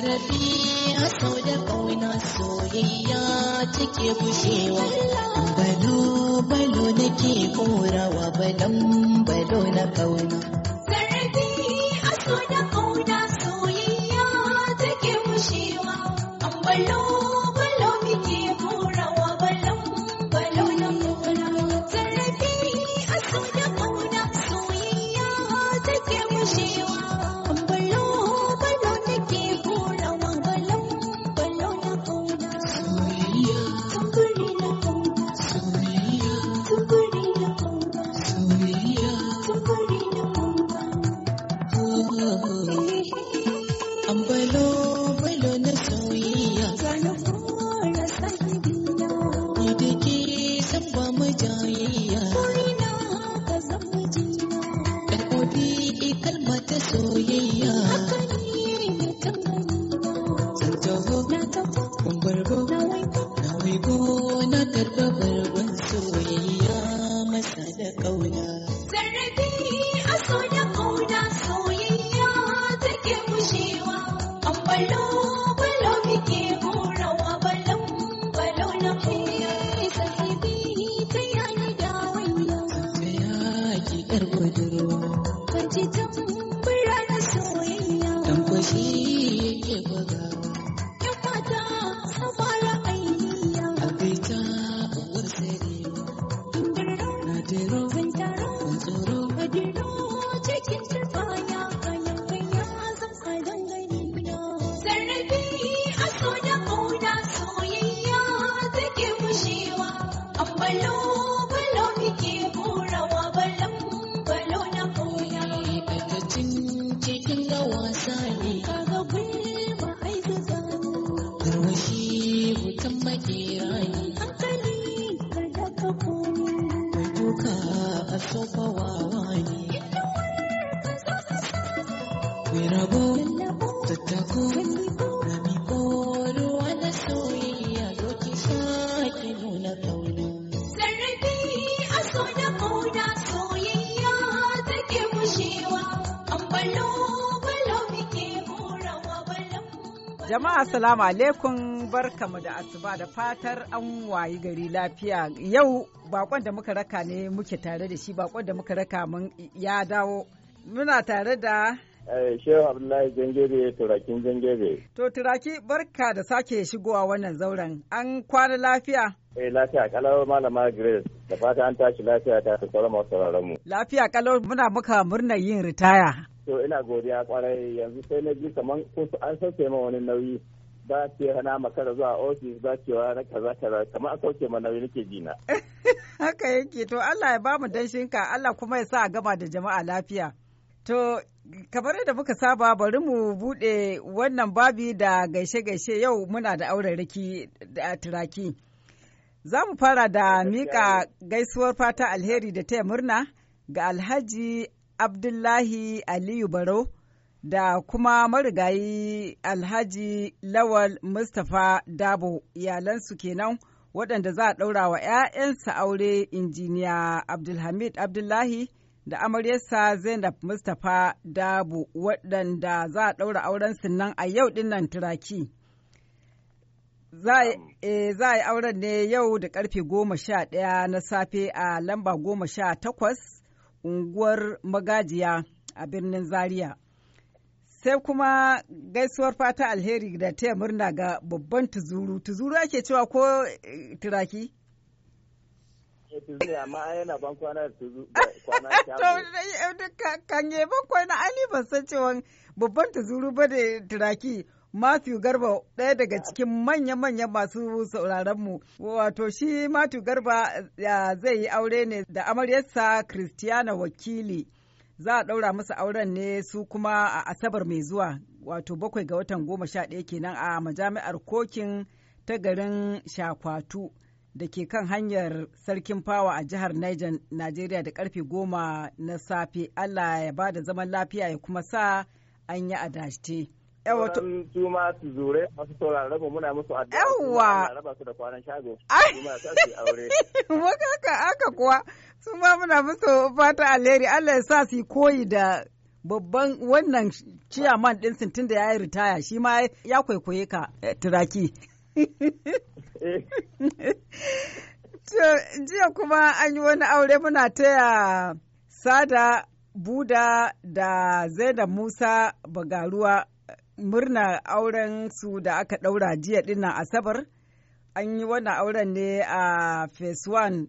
Sarafi a sau da ƙauna soyayya take bushewa balo balo nake korawa balon balo na ƙauna Sarafi a sau da ƙauna soyayya take bushewa balo Assalamu alaikum barkamu da asuba da fatar an wayi gari lafiya yau bakon da muka raka ne muke tare da shi bakon da muka raka mun ya dawo muna tare da eh, Shehu Abdullahi Zangere, turakin Zangere. To turaki barka da sake shigowa wannan zauren an kwana lafiya? Eh lafiya kalau malama Grace da fata an tashi lafiya ta ta sauran sauraron mu. Lafiya kalau muna muka murna yin ritaya. To ina godiya kwarai yanzu sai na ji kaman ko an sauke ma wani nauyi ba cewa na makara zuwa ofis ba cewa na kaza kaza kamar aka wuce mana nake ji na haka yake to Allah ya ba mu danshin Allah kuma ya sa a gama da jama'a lafiya to kamar yadda muka saba bari mu bude wannan babi da gaishe-gaishe yau muna da auren riki da turaki za mu fara da mika gaisuwar fata alheri da taya murna ga alhaji abdullahi aliyu barau da kuma marigayi alhaji lawal mustapha dabo iyalansu kenan waɗanda za a ɗaura wa 'ya'yansa aure injiniya abdulhamid abdullahi da amaryarsa zainab mustapha dabo waɗanda za a ɗaura aurensu nan a yau dinnan turaki za a yi eh, auren ne yau da karfe goma sha ɗaya na safe a lamba goma sha takwas unguwar magajiya a birnin zaria sai kuma gaisuwar fata alheri da taya murna ga babban tuzuru tuzuru ake cewa ko eh, turaki kan yi bakwai ali ban san cewa babban ba da turaki Matthew Garba ɗaya daga cikin manya-manyan masu sauraronmu. Wato shi Matthew Garba zai yi aure ne da amaryarsa Christiana Wakili. za a ɗaura musu auren ne su kuma a asabar mai zuwa wato bakwai ga watan goma sha ɗaya kenan a majami'ar kokin ta garin shakwatu da ke kan hanyar sarkin fawa a jihar niger najeriya da karfe goma na safe allah ya ba da zaman lafiya ya kuma sa an yi adashte. wato su ma su zure masu sauraron muna musu addu'a raba su da kwanan shago kuma sa su aure haka kuwa su ma muna musu fata alheri Allah ya sa su koyi da babban wannan ciyaman din sintin da ya yi ritaya shi ma ya kwaikwaye ka eh, turaki jiya kuma an yi wani aure muna taya sada buda da zainab musa bagaruwa murna auren su da aka ɗaura jiya dinnan asabar an yi wannan auren ne a phase one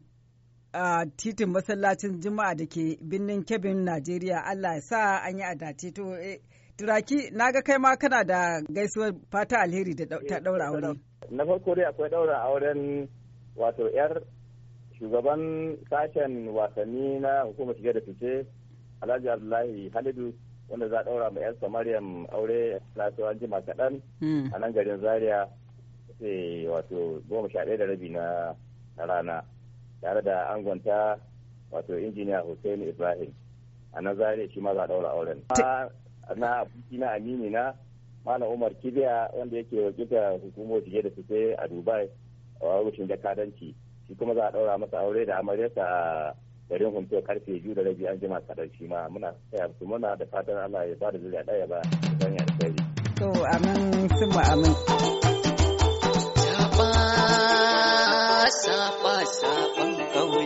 a titin masallacin juma'a da ke birnin kebin najeriya allah ya sa an yi adace to eh, turaki na ga kai ma kana da gaisuwar fata alheri da ta daura eh, aure na farko dai akwai daura auren wato yar shugaban sashen wasanni na hukumar shige da fice alhaji abdullahi halidu wanda za a ɗaura ma mariam maryam aure lasu an jima kaɗan hmm. a nan garin zaria sai wato goma sha ɗaya da rabi na rana tare da angonta wato injiniya hussein ibrahim a nan zaria shi ma za a ɗaura auren na aboki na amini na malam umar kibiya wanda yake wakilta hukumar shige da fice a dubai a rushin jakadanci shi kuma za a ɗaura masa aure da amaryarsa a bari mun karfe biyu da rabi an jima kadar shi ma muna tsaya su muna da fatan Allah ya bada zuriya daya ba dan ya tsari to amin sun ba amin saba saba saban kauna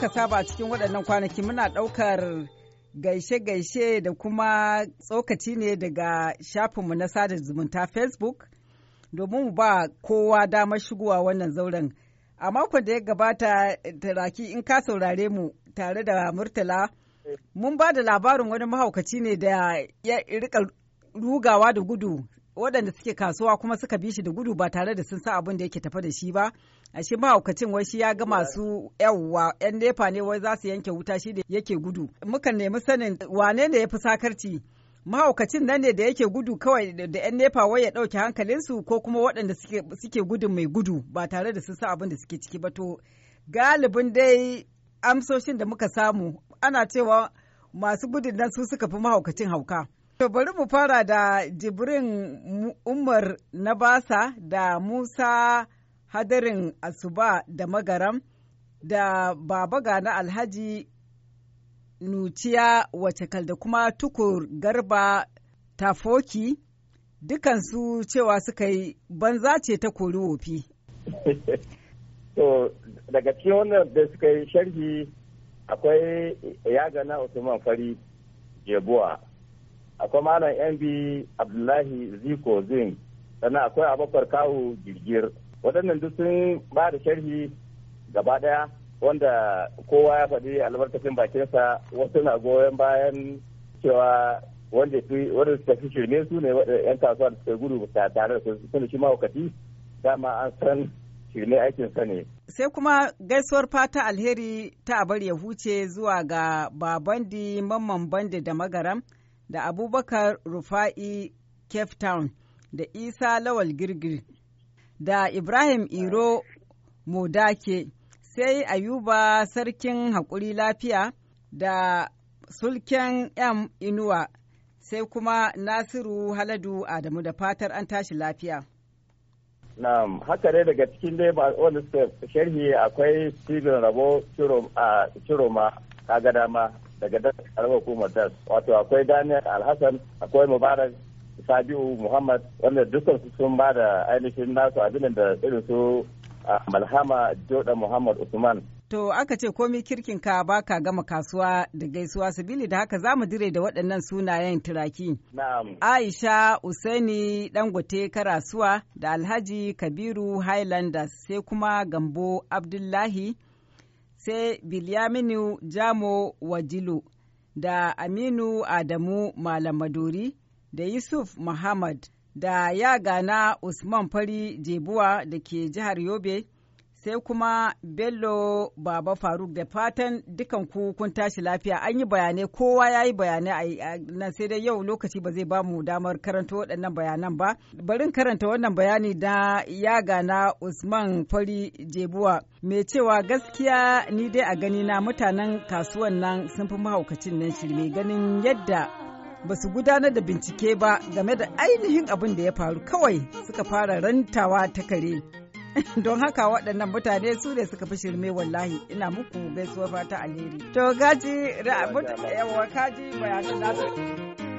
muka saba cikin waɗannan kwanaki muna ɗaukar gaishe-gaishe da kuma tsokaci ne daga shafinmu na sada zumunta Facebook domin mu ba kowa damar shigowa wannan zauren. A makon da ya gabata taraki in ka saurare mu tare da Murtala, mun ba da labarin wani mahaukaci ne da ya rika rugawa da gudu waɗanda suke kasuwa kuma suka bi shi da gudu ba tare da sun sa abin da yake tafa da shi ba. a shi mahaukacin wai shi ya ga masu yawwa yan nefa ne wai za su yanke wuta shi da yake gudu muka nemi sanin wane ne ya fi sakarci mahaukacin nan ne da yake gudu kawai da yan nefa wai ya ɗauke hankalinsu ko kuma waɗanda suke gudun mai gudu ba tare da su sa abin da suke ciki ba to galibin dai amsoshin da muka samu ana cewa masu gudun nan su suka fi mahaukacin hauka. To bari mu fara da jibrin Umar na basa da Musa hadarin asuba da magaram da baba na alhaji nuciya wace kalda kuma tukur garba tafoki dukansu cewa suka yi banza ce ta kori wofi. daga cikin wannan da suka yi sharhi akwai yagana usman fari jebuwa akwai malam yan abdullahi ziko zin sannan akwai abubakar kawu girgir waɗannan duk sun ba da sharhi gaba ɗaya wanda kowa ya faɗi albarkacin bakinsa wasu na goyon bayan cewa wanda su wanda suka fi shirme su ne yan kasuwa da suka gudu ba tare da su shi wakati dama an san shirme aikin sa ne. Sai kuma gaisuwar fata alheri ta abar ya huce zuwa ga babandi mamman bandi da magaram da abubakar rufa'i cape town da isa lawal girgir da Ibrahim Iro Modake, sai Ayuba Sarkin Haƙuri Lafiya da Sulken M Inuwa, sai kuma Nasiru Haladu Adamu da fatar an tashi lafiya. Na'am, haka dai daga cikin dai ba suka sharhi akwai Steven Rabo Ciroma dama daga daga hukumar wato akwai Daniel Alhassan, akwai Mubarak sabiu muhammad wanda dukkan su sun ba da ainihin nasu abin da irin su ah, malhama joda muhammad usman To aka ce komi kirkin ka baka gama kasuwa da gaisuwa sabili da haka za mu dire da waɗannan sunayen turaki. Aisha Usaini Dangote Karasuwa da Alhaji Kabiru Highlanders sai kuma Gambo Abdullahi sai Bilyaminu Jamo Wajilu da Aminu Adamu Malamadori da Yusuf Muhammad da ya gana Usman Fari Jebuwa da ke jihar Yobe sai kuma Bello Baba Faruk da fatan dukan ku kun tashi lafiya an yi bayanai kowa ya yi bayanai a nan sai dai yau lokaci ba zai bamu damar karanta waɗannan bayanan ba. Barin karanta wannan bayani da ya gana Usman Fari Jebuwa mai cewa gaskiya ni dai a gani na mutanen kasuwan nan sun fi mahaukacin nan shirme ganin yadda ba su gudanar da bincike ba game da ainihin abin da ya faru kawai suka fara rantawa ta kare don haka waɗannan mutane su ne suka fi shirme wallahi ina muku gaisuwar fata alheri to gaji kaji bayanan nasu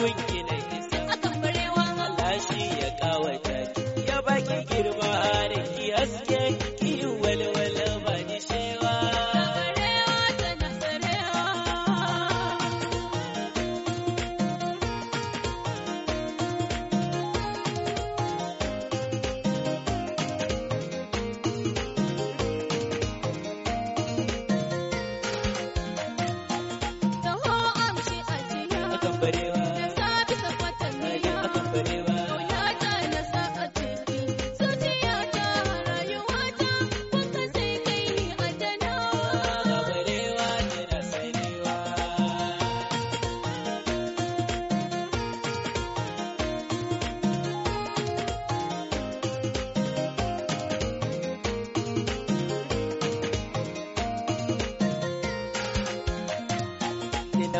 twinkling.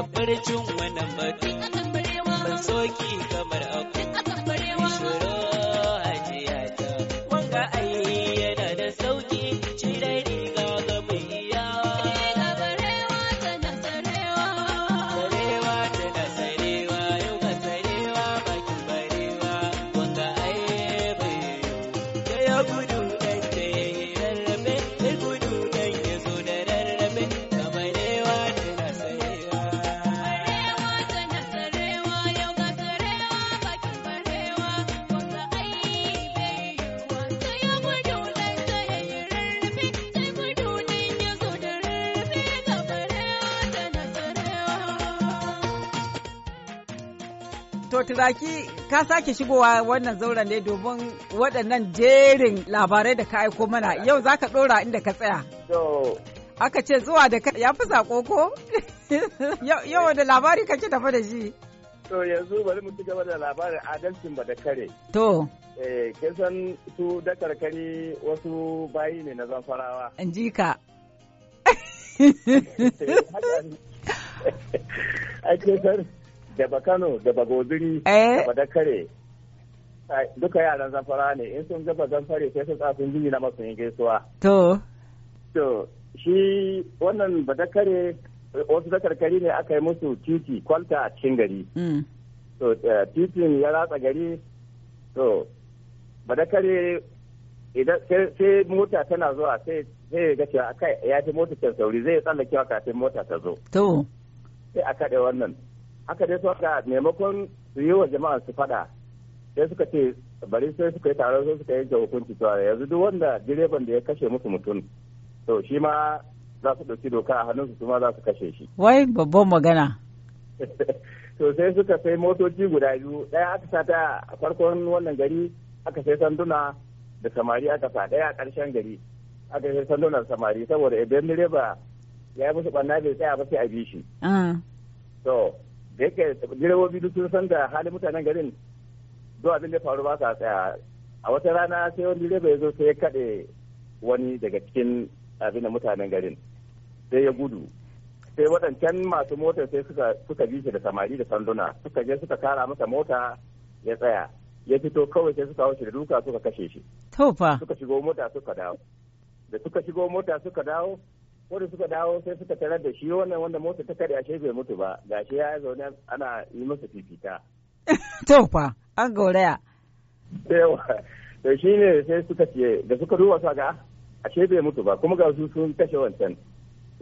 da farcin wani batu ban soki ka To turaki ka sake shigowa wannan zauren ne domin waɗannan jerin labarai da ka aiko mana yau za ka ɗora inda ka tsaya. Aka ce zuwa da ka ya fi saƙo ko? Yau da labari kake tafi da shi. To yanzu bari mu ci gaba da labarin adalcin ba da kare. To. Eh, kin san su da karkari wasu bayi ne na zamfarawa. In ji ka. Ake da Kano, da goziri eh. da dakare duka yaran zamfara ne in sun gaba zamfare sai sun tsafin jini na masu yin gaisuwa to to shi wannan badakare wasu zakarkari ne aka yi musu titi kwalta a cikin gari mm. to eh, titin ya ratsa gari to badakare sai mota tana zuwa sai sai ga cewa ya fi mota ta sauri zai tsallakewa kafin mota ta zo to sai a kaɗe wannan haka dai suka maimakon su yi wa jama'a su faɗa sai suka ce bari sai suka yi taron sai suka yanke hukunci cewa yanzu duk wanda direban da ya kashe musu mutum to shi ma za su dauki doka a hannunsu su ma za su kashe shi. Wai babban magana. to sai suka sai motoci guda biyu ɗaya aka sa a farkon wannan gari aka sai sanduna da samari aka sa ɗaya a karshen gari aka sai sanduna da samari saboda idan direba ya yi musu ɓanna bai tsaya ba sai a bi shi. Ah. To da yake direbobi duk sun san da halin mutanen garin duk abin da faru ba sa tsaya a wata rana sai wani direba ya zo sai ya kaɗe wani daga cikin abin da mutanen garin sai ya gudu sai waɗancan masu motar sai suka bi shi da samari da sanduna suka je suka kara masa mota ya tsaya ya fito kawai sai suka shi da duka suka kashe shi. Suka shigo mota suka dawo. Da suka shigo mota suka dawo wanda suka dawo sai suka tarar da shi wannan wanda mota ta kada ashe bai mutu ba gashi ya zaune ana yi masa fifita to fa an gauraya yawa to shi ne sai suka ce da suka duba su ga ashe bai mutu ba kuma ga su sun kashe wancan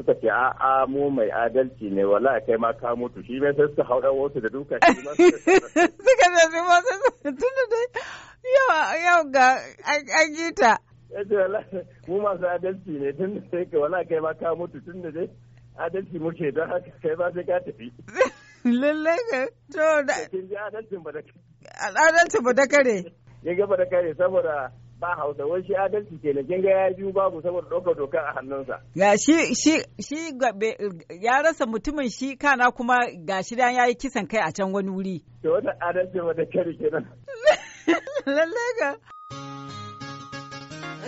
suka ce a a mai adalci ne wala kai ma ka mutu shi bai sai suka haura wasu da duka suka ce ma sai dai yau ga an mu masu adalci ne tun da sai ka wala kai ma ka mutu tun da dai adalci muke don haka kai ba sai ka tafi. Lallai ka to da. Kin ji adalcin ba da kare. Adalcin ba da kare. Ya ga ba da kare saboda ba hausa wai shi adalci ke na kin ga ya biyu babu saboda ɗaukar doka a hannunsa. Ga shi shi shi ya rasa mutumin shi kana kuma ga shi dan yayi kisan kai a can wani wuri. To wannan adalci ba da kare kenan. Lallai ka.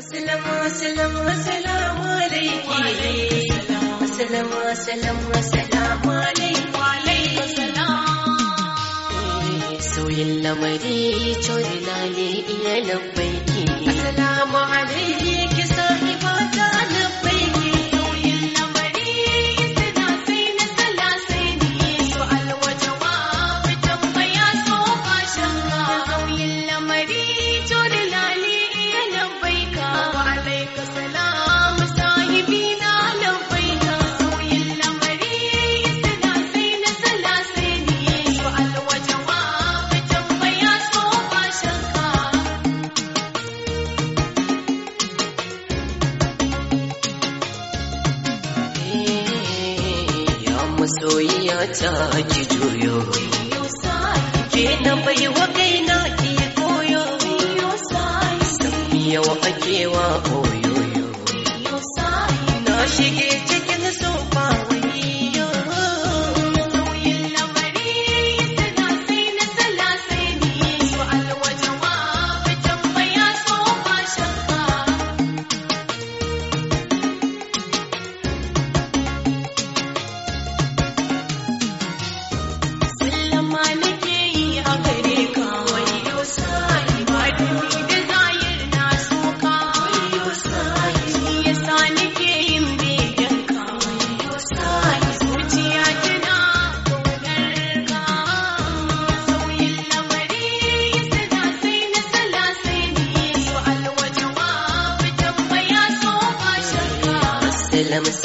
سلام وسلم وسلام عليك وسلم وسلم وسلام عليك وعليك السلام سوي اللمري شرنا لي إلى لبيك السلام عليك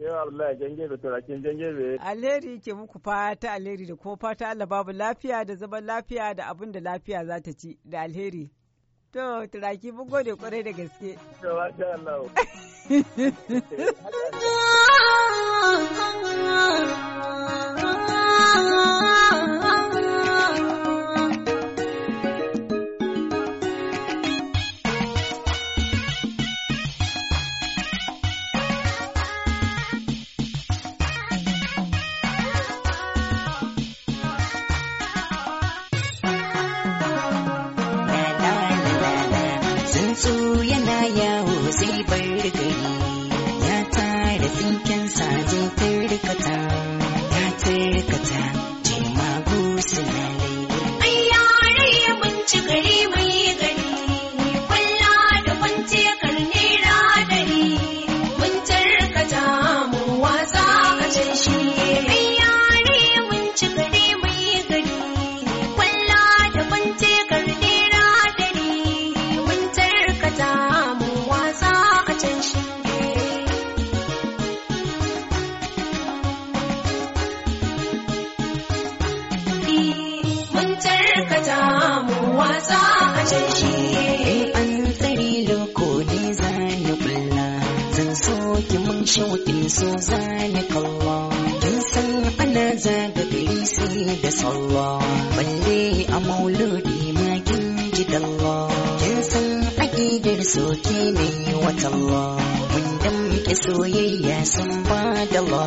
Yawa eh, Alheri ke muku fata alheri da kuma fata Allah babu lafiya da zaman lafiya da abin da lafiya za ta ci da alheri. To turaki mun gode kwarai da gaske. Yawa Allah. Somebody alone.